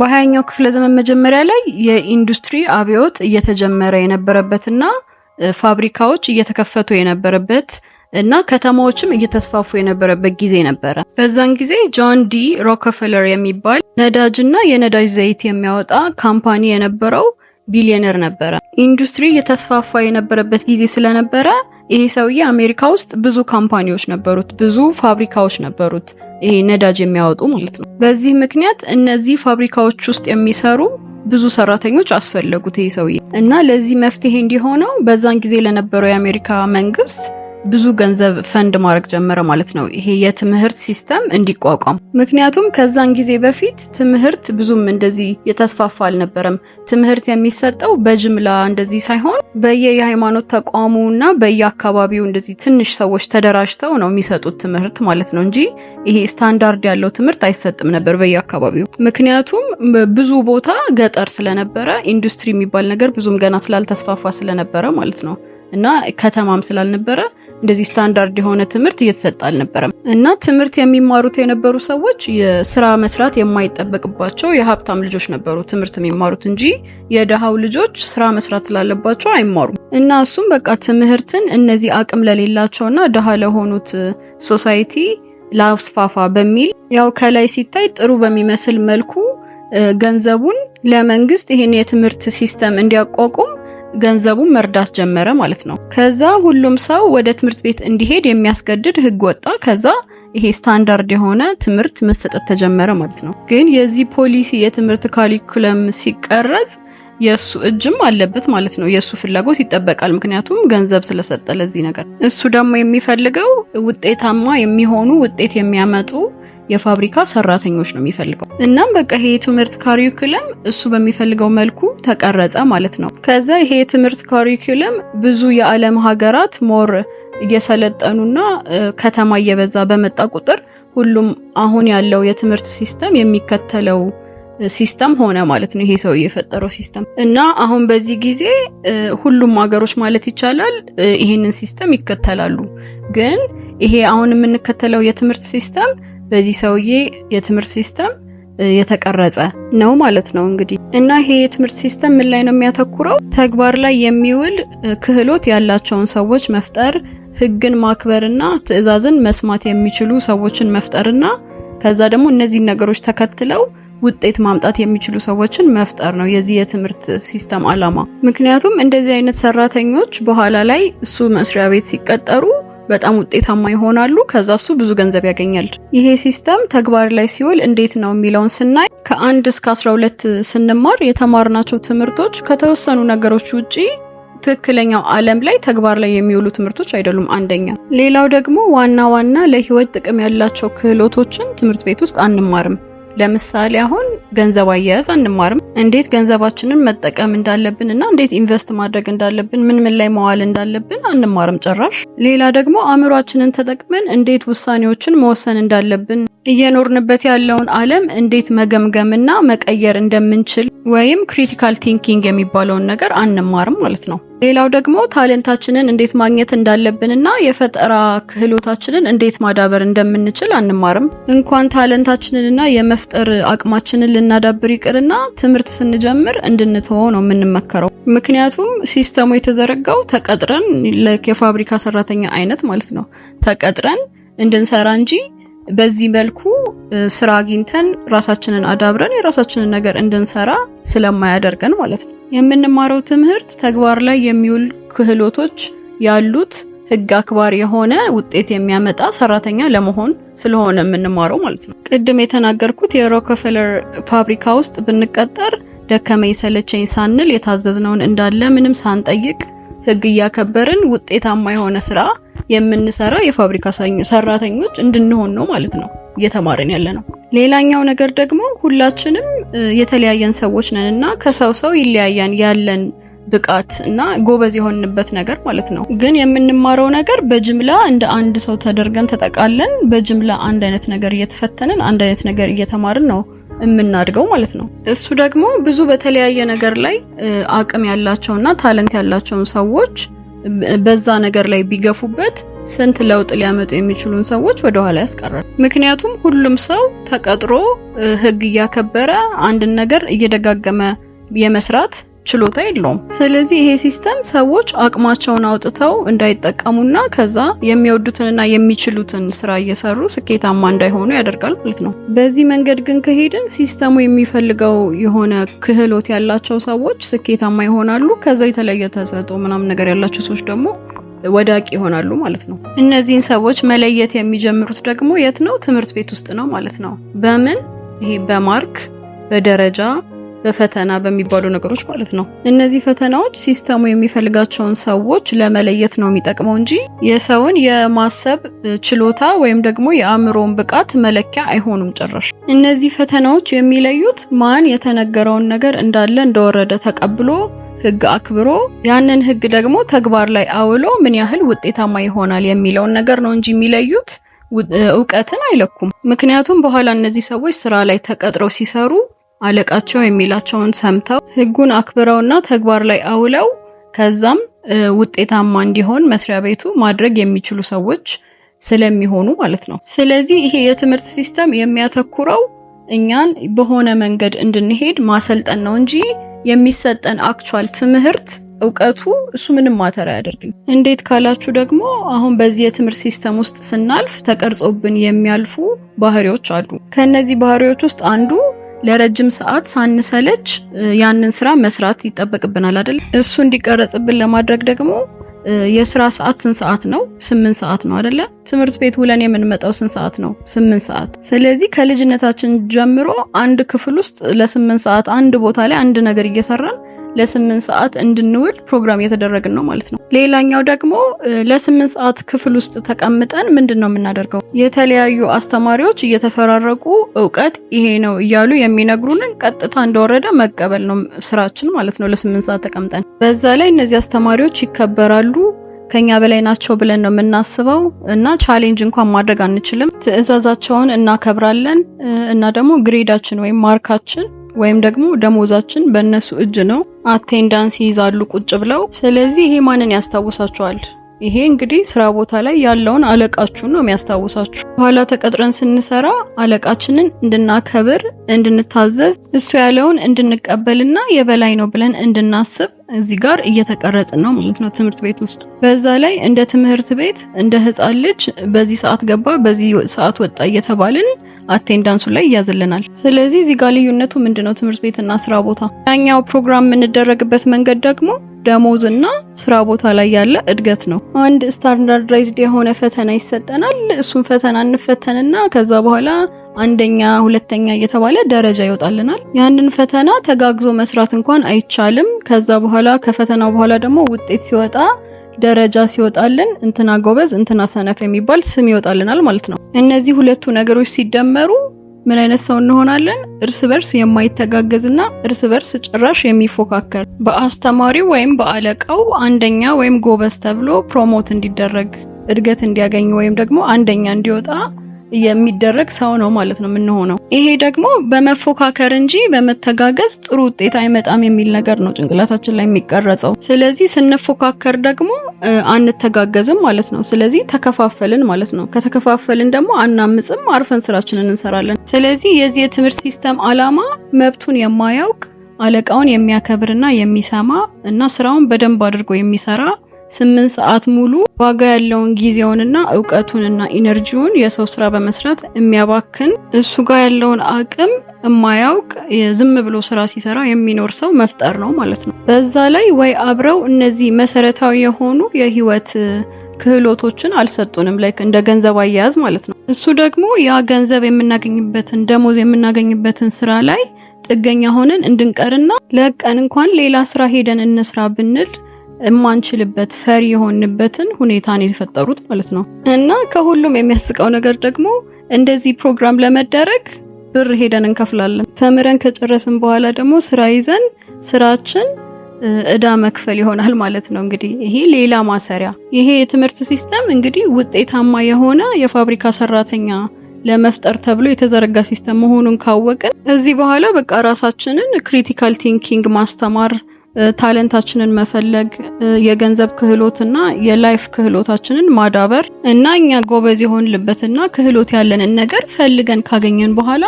በሀያኛው ክፍለ ዘመን መጀመሪያ ላይ የኢንዱስትሪ አብዮት እየተጀመረ የነበረበትና ፋብሪካዎች እየተከፈቱ የነበረበት እና ከተማዎችም እየተስፋፉ የነበረበት ጊዜ ነበረ። በዛን ጊዜ ጆን ዲ ሮከፌለር የሚባል ነዳጅና የነዳጅ ዘይት የሚያወጣ ካምፓኒ የነበረው ቢሊዮነር ነበረ። ኢንዱስትሪ እየተስፋፋ የነበረበት ጊዜ ስለነበረ ይሄ ሰውዬ አሜሪካ ውስጥ ብዙ ካምፓኒዎች ነበሩት፣ ብዙ ፋብሪካዎች ነበሩት፣ ይሄ ነዳጅ የሚያወጡ ማለት ነው። በዚህ ምክንያት እነዚህ ፋብሪካዎች ውስጥ የሚሰሩ ብዙ ሰራተኞች አስፈለጉት ይህ ሰውዬ እና ለዚህ መፍትሄ እንዲሆነው በዛን ጊዜ ለነበረው የአሜሪካ መንግስት ብዙ ገንዘብ ፈንድ ማድረግ ጀመረ ማለት ነው ይሄ የትምህርት ሲስተም እንዲቋቋም። ምክንያቱም ከዛን ጊዜ በፊት ትምህርት ብዙም እንደዚህ የተስፋፋ አልነበረም። ትምህርት የሚሰጠው በጅምላ እንደዚህ ሳይሆን በየየሃይማኖት ተቋሙ እና በየአካባቢው እንደዚህ ትንሽ ሰዎች ተደራጅተው ነው የሚሰጡት ትምህርት ማለት ነው እንጂ ይሄ ስታንዳርድ ያለው ትምህርት አይሰጥም ነበር በየአካባቢው። ምክንያቱም ብዙ ቦታ ገጠር ስለነበረ ኢንዱስትሪ የሚባል ነገር ብዙም ገና ስላልተስፋፋ ስለነበረ ማለት ነው እና ከተማም ስላልነበረ እንደዚህ ስታንዳርድ የሆነ ትምህርት እየተሰጠ አልነበረም እና ትምህርት የሚማሩት የነበሩ ሰዎች የስራ መስራት የማይጠበቅባቸው የሀብታም ልጆች ነበሩ ትምህርት የሚማሩት እንጂ የደሃው ልጆች ስራ መስራት ስላለባቸው አይማሩም። እና እሱም በቃ ትምህርትን እነዚህ አቅም ለሌላቸውና ደሃ ለሆኑት ሶሳይቲ ላስፋፋ በሚል ያው ከላይ ሲታይ ጥሩ በሚመስል መልኩ ገንዘቡን ለመንግስት ይህን የትምህርት ሲስተም እንዲያቋቁም ገንዘቡን መርዳት ጀመረ ማለት ነው። ከዛ ሁሉም ሰው ወደ ትምህርት ቤት እንዲሄድ የሚያስገድድ ህግ ወጣ። ከዛ ይሄ ስታንዳርድ የሆነ ትምህርት መሰጠት ተጀመረ ማለት ነው። ግን የዚህ ፖሊሲ የትምህርት ካሪኩለም ሲቀረጽ የእሱ እጅም አለበት ማለት ነው። የእሱ ፍላጎት ይጠበቃል፣ ምክንያቱም ገንዘብ ስለሰጠ ለዚህ ነገር። እሱ ደግሞ የሚፈልገው ውጤታማ የሚሆኑ ውጤት የሚያመጡ የፋብሪካ ሰራተኞች ነው የሚፈልገው። እናም በቃ ይሄ የትምህርት ካሪኩለም እሱ በሚፈልገው መልኩ ተቀረጸ ማለት ነው። ከዛ ይሄ የትምህርት ካሪኩለም ብዙ የዓለም ሀገራት ሞር እየሰለጠኑና ከተማ እየበዛ በመጣ ቁጥር ሁሉም አሁን ያለው የትምህርት ሲስተም የሚከተለው ሲስተም ሆነ ማለት ነው። ይሄ ሰው የፈጠረው ሲስተም እና አሁን በዚህ ጊዜ ሁሉም ሀገሮች ማለት ይቻላል ይሄንን ሲስተም ይከተላሉ። ግን ይሄ አሁን የምንከተለው የትምህርት ሲስተም በዚህ ሰውዬ የትምህርት ሲስተም የተቀረጸ ነው ማለት ነው እንግዲህ እና ይሄ የትምህርት ሲስተም ምን ላይ ነው የሚያተኩረው? ተግባር ላይ የሚውል ክህሎት ያላቸውን ሰዎች መፍጠር፣ ህግን ማክበርና ትዕዛዝን መስማት የሚችሉ ሰዎችን መፍጠርና ከዛ ደግሞ እነዚህን ነገሮች ተከትለው ውጤት ማምጣት የሚችሉ ሰዎችን መፍጠር ነው የዚህ የትምህርት ሲስተም አላማ ምክንያቱም እንደዚህ አይነት ሰራተኞች በኋላ ላይ እሱ መስሪያ ቤት ሲቀጠሩ በጣም ውጤታማ ይሆናሉ። ከዛ እሱ ብዙ ገንዘብ ያገኛል። ይሄ ሲስተም ተግባር ላይ ሲውል እንዴት ነው የሚለውን ስናይ ከአንድ እስከ 12 ስንማር የተማርናቸው ትምህርቶች ከተወሰኑ ነገሮች ውጪ ትክክለኛው ዓለም ላይ ተግባር ላይ የሚውሉ ትምህርቶች አይደሉም። አንደኛ። ሌላው ደግሞ ዋና ዋና ለህይወት ጥቅም ያላቸው ክህሎቶችን ትምህርት ቤት ውስጥ አንማርም። ለምሳሌ አሁን ገንዘብ አያያዝ አንማርም። እንዴት ገንዘባችንን መጠቀም እንዳለብን እና እንዴት ኢንቨስት ማድረግ እንዳለብን ምን ምን ላይ መዋል እንዳለብን አንማርም ጭራሽ። ሌላ ደግሞ አእምሯችንን ተጠቅመን እንዴት ውሳኔዎችን መወሰን እንዳለብን፣ እየኖርንበት ያለውን ዓለም እንዴት መገምገምና መቀየር እንደምንችል ወይም ክሪቲካል ቲንኪንግ የሚባለውን ነገር አንማርም ማለት ነው። ሌላው ደግሞ ታለንታችንን እንዴት ማግኘት እንዳለብንና የፈጠራ ክህሎታችንን እንዴት ማዳበር እንደምንችል አንማርም። እንኳን ታለንታችንንና የመፍጠር አቅማችንን ልናዳብር ይቅርና ትምህርት ስንጀምር እንድንተወ ነው የምንመከረው። ምክንያቱም ሲስተሙ የተዘረጋው ተቀጥረን የፋብሪካ ሰራተኛ አይነት ማለት ነው ተቀጥረን እንድንሰራ እንጂ በዚህ መልኩ ስራ አግኝተን ራሳችንን አዳብረን የራሳችንን ነገር እንድንሰራ ስለማያደርገን ማለት ነው። የምንማረው ትምህርት ተግባር ላይ የሚውል ክህሎቶች ያሉት ህግ አክባር የሆነ ውጤት የሚያመጣ ሰራተኛ ለመሆን ስለሆነ የምንማረው ማለት ነው። ቅድም የተናገርኩት የሮከፌለር ፋብሪካ ውስጥ ብንቀጠር ደከመኝ ሰለቸኝ ሳንል የታዘዝነውን እንዳለ ምንም ሳንጠይቅ ህግ እያከበርን ውጤታማ የሆነ ስራ የምንሰራ የፋብሪካ ሰራተኞች እንድንሆን ነው ማለት ነው እየተማርን ያለ ነው። ሌላኛው ነገር ደግሞ ሁላችንም የተለያየን ሰዎች ነን እና ከሰው ሰው ይለያያን ያለን ብቃት እና ጎበዝ የሆንበት ነገር ማለት ነው። ግን የምንማረው ነገር በጅምላ እንደ አንድ ሰው ተደርገን ተጠቃለን በጅምላ አንድ አይነት ነገር እየተፈተንን አንድ አይነት ነገር እየተማርን ነው የምናድገው ማለት ነው። እሱ ደግሞ ብዙ በተለያየ ነገር ላይ አቅም ያላቸውና ታለንት ያላቸውን ሰዎች በዛ ነገር ላይ ቢገፉበት ስንት ለውጥ ሊያመጡ የሚችሉን ሰዎች ወደኋላ ያስቀራል። ምክንያቱም ሁሉም ሰው ተቀጥሮ ህግ እያከበረ አንድን ነገር እየደጋገመ የመስራት ችሎታ የለውም። ስለዚህ ይሄ ሲስተም ሰዎች አቅማቸውን አውጥተው እንዳይጠቀሙና ከዛ የሚወዱትንና የሚችሉትን ስራ እየሰሩ ስኬታማ እንዳይሆኑ ያደርጋል ማለት ነው። በዚህ መንገድ ግን ከሄድን ሲስተሙ የሚፈልገው የሆነ ክህሎት ያላቸው ሰዎች ስኬታማ ይሆናሉ። ከዛ የተለየ ተሰጦ ምናምን ነገር ያላቸው ሰዎች ደግሞ ወዳቂ ይሆናሉ ማለት ነው። እነዚህን ሰዎች መለየት የሚጀምሩት ደግሞ የት ነው? ትምህርት ቤት ውስጥ ነው ማለት ነው። በምን? ይሄ በማርክ በደረጃ በፈተና በሚባሉ ነገሮች ማለት ነው። እነዚህ ፈተናዎች ሲስተሙ የሚፈልጋቸውን ሰዎች ለመለየት ነው የሚጠቅመው እንጂ የሰውን የማሰብ ችሎታ ወይም ደግሞ የአእምሮን ብቃት መለኪያ አይሆኑም ጭራሽ። እነዚህ ፈተናዎች የሚለዩት ማን የተነገረውን ነገር እንዳለ እንደወረደ ተቀብሎ ህግ አክብሮ ያንን ህግ ደግሞ ተግባር ላይ አውሎ ምን ያህል ውጤታማ ይሆናል የሚለውን ነገር ነው እንጂ የሚለዩት እውቀትን አይለኩም። ምክንያቱም በኋላ እነዚህ ሰዎች ስራ ላይ ተቀጥረው ሲሰሩ አለቃቸው የሚላቸውን ሰምተው ህጉን አክብረውና ተግባር ላይ አውለው ከዛም ውጤታማ እንዲሆን መስሪያ ቤቱ ማድረግ የሚችሉ ሰዎች ስለሚሆኑ ማለት ነው። ስለዚህ ይሄ የትምህርት ሲስተም የሚያተኩረው እኛን በሆነ መንገድ እንድንሄድ ማሰልጠን ነው እንጂ የሚሰጠን አክቹዋል ትምህርት እውቀቱ እሱ ምንም ማተር አያደርግም። እንዴት ካላችሁ ደግሞ አሁን በዚህ የትምህርት ሲስተም ውስጥ ስናልፍ ተቀርጾብን የሚያልፉ ባህሪዎች አሉ። ከነዚህ ባህሪዎች ውስጥ አንዱ ለረጅም ሰዓት ሳንሰለች ያንን ስራ መስራት ይጠበቅብናል አይደል? እሱ እንዲቀረጽብን ለማድረግ ደግሞ የስራ ሰዓት ስንት ሰዓት ነው? ስምንት ሰዓት ነው አይደለ? ትምህርት ቤት ውለን የምንመጣው ስንት ሰዓት ነው? ስምንት ሰዓት። ስለዚህ ከልጅነታችን ጀምሮ አንድ ክፍል ውስጥ ለስምንት ሰዓት አንድ ቦታ ላይ አንድ ነገር እየሰራን ለስምንት ሰዓት እንድንውል ፕሮግራም እየተደረግን ነው ማለት ነው። ሌላኛው ደግሞ ለስምንት ሰዓት ክፍል ውስጥ ተቀምጠን ምንድን ነው የምናደርገው? የተለያዩ አስተማሪዎች እየተፈራረቁ እውቀት ይሄ ነው እያሉ የሚነግሩንን ቀጥታ እንደወረደ መቀበል ነው ስራችን ማለት ነው። ለስምንት ሰዓት ተቀምጠን በዛ ላይ እነዚህ አስተማሪዎች ይከበራሉ ከኛ በላይ ናቸው ብለን ነው የምናስበው እና ቻሌንጅ እንኳን ማድረግ አንችልም። ትዕዛዛቸውን እናከብራለን እና ደግሞ ግሬዳችን ወይም ማርካችን ወይም ደግሞ ደሞዛችን በእነሱ እጅ ነው፣ አቴንዳንስ ይይዛሉ ቁጭ ብለው። ስለዚህ ይሄ ማንን ያስታውሳቸዋል? ይሄ እንግዲህ ስራ ቦታ ላይ ያለውን አለቃችሁን ነው የሚያስታውሳችሁ። በኋላ ተቀጥረን ስንሰራ አለቃችንን እንድናከብር፣ እንድንታዘዝ፣ እሱ ያለውን እንድንቀበልና የበላይ ነው ብለን እንድናስብ እዚህ ጋር እየተቀረጽ ነው ማለት ነው ትምህርት ቤት ውስጥ። በዛ ላይ እንደ ትምህርት ቤት እንደ ህፃን ልጅ በዚህ ሰዓት ገባ፣ በዚህ ሰዓት ወጣ እየተባልን አቴንዳንሱ ላይ ይያዝልናል። ስለዚህ እዚህ ጋር ልዩነቱ ምንድነው? ትምህርት ቤትና ስራ ቦታ። ያኛው ፕሮግራም የምንደረግበት መንገድ ደግሞ ደሞዝና ስራ ቦታ ላይ ያለ እድገት ነው። አንድ ስታንዳርዳይዝድ የሆነ ፈተና ይሰጠናል። እሱን ፈተና እንፈተንና ከዛ በኋላ አንደኛ ሁለተኛ እየተባለ ደረጃ ይወጣልናል። ያንን ፈተና ተጋግዞ መስራት እንኳን አይቻልም። ከዛ በኋላ ከፈተናው በኋላ ደግሞ ውጤት ሲወጣ ደረጃ ሲወጣልን እንትና ጎበዝ እንትና ሰነፍ የሚባል ስም ይወጣልናል ማለት ነው። እነዚህ ሁለቱ ነገሮች ሲደመሩ ምን አይነት ሰው እንሆናለን? እርስ በርስ የማይተጋገዝና እርስ በርስ ጭራሽ የሚፎካከር በአስተማሪው ወይም በአለቃው አንደኛ ወይም ጎበዝ ተብሎ ፕሮሞት እንዲደረግ እድገት እንዲያገኝ ወይም ደግሞ አንደኛ እንዲወጣ የሚደረግ ሰው ነው ማለት ነው የምንሆነው። ይሄ ደግሞ በመፎካከር እንጂ በመተጋገዝ ጥሩ ውጤት አይመጣም የሚል ነገር ነው ጭንቅላታችን ላይ የሚቀረጸው። ስለዚህ ስንፎካከር ደግሞ አንተጋገዝም ማለት ነው። ስለዚህ ተከፋፈልን ማለት ነው። ከተከፋፈልን ደግሞ አናምጽም፣ አርፈን ስራችንን እንሰራለን። ስለዚህ የዚህ የትምህርት ሲስተም አላማ መብቱን የማያውቅ አለቃውን የሚያከብርና የሚሰማ እና ስራውን በደንብ አድርጎ የሚሰራ ስምንት ሰዓት ሙሉ ዋጋ ያለውን ጊዜውንና እውቀቱንና ኢነርጂውን የሰው ስራ በመስራት የሚያባክን እሱ ጋር ያለውን አቅም የማያውቅ ዝም ብሎ ስራ ሲሰራ የሚኖር ሰው መፍጠር ነው ማለት ነው። በዛ ላይ ወይ አብረው እነዚህ መሰረታዊ የሆኑ የህይወት ክህሎቶችን አልሰጡንም። ላይክ እንደ ገንዘብ አያያዝ ማለት ነው። እሱ ደግሞ ያ ገንዘብ የምናገኝበትን ደሞዝ የምናገኝበትን ስራ ላይ ጥገኛ ሆነን እንድንቀርና ለቀን እንኳን ሌላ ስራ ሄደን እንስራ ብንል የማንችልበት ፈሪ የሆንበትን ሁኔታን የተፈጠሩት ማለት ነው። እና ከሁሉም የሚያስቀው ነገር ደግሞ እንደዚህ ፕሮግራም ለመደረግ ብር ሄደን እንከፍላለን። ተምረን ከጨረስን በኋላ ደግሞ ስራ ይዘን ስራችን እዳ መክፈል ይሆናል ማለት ነው። እንግዲህ ይሄ ሌላ ማሰሪያ። ይሄ የትምህርት ሲስተም እንግዲህ ውጤታማ የሆነ የፋብሪካ ሰራተኛ ለመፍጠር ተብሎ የተዘረጋ ሲስተም መሆኑን ካወቅን ከዚህ በኋላ በቃ ራሳችንን ክሪቲካል ቲንኪንግ ማስተማር ታለንታችንን መፈለግ፣ የገንዘብ ክህሎትና የላይፍ ክህሎታችንን ማዳበር እና እኛ ጎበዝ የሆንልበትና ክህሎት ያለንን ነገር ፈልገን ካገኘን በኋላ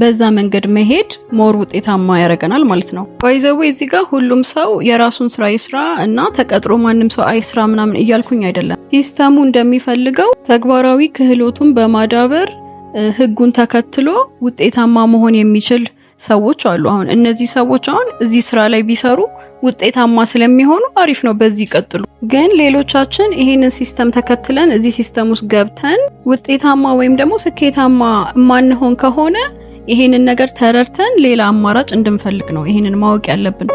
በዛ መንገድ መሄድ ሞር ውጤታማ ያደርገናል ማለት ነው። ባይዘዌ እዚህ ጋር ሁሉም ሰው የራሱን ስራ ይስራ እና ተቀጥሮ ማንም ሰው አይስራ ምናምን እያልኩኝ አይደለም። ሲስተሙ እንደሚፈልገው ተግባራዊ ክህሎቱን በማዳበር ህጉን ተከትሎ ውጤታማ መሆን የሚችል ሰዎች አሉ። አሁን እነዚህ ሰዎች አሁን እዚህ ስራ ላይ ቢሰሩ ውጤታማ ስለሚሆኑ አሪፍ ነው። በዚህ ይቀጥሉ ግን ሌሎቻችን ይሄንን ሲስተም ተከትለን እዚህ ሲስተም ውስጥ ገብተን ውጤታማ ወይም ደግሞ ስኬታማ የማንሆን ከሆነ ይሄንን ነገር ተረድተን ሌላ አማራጭ እንድንፈልግ ነው ይሄንን ማወቅ ያለብን።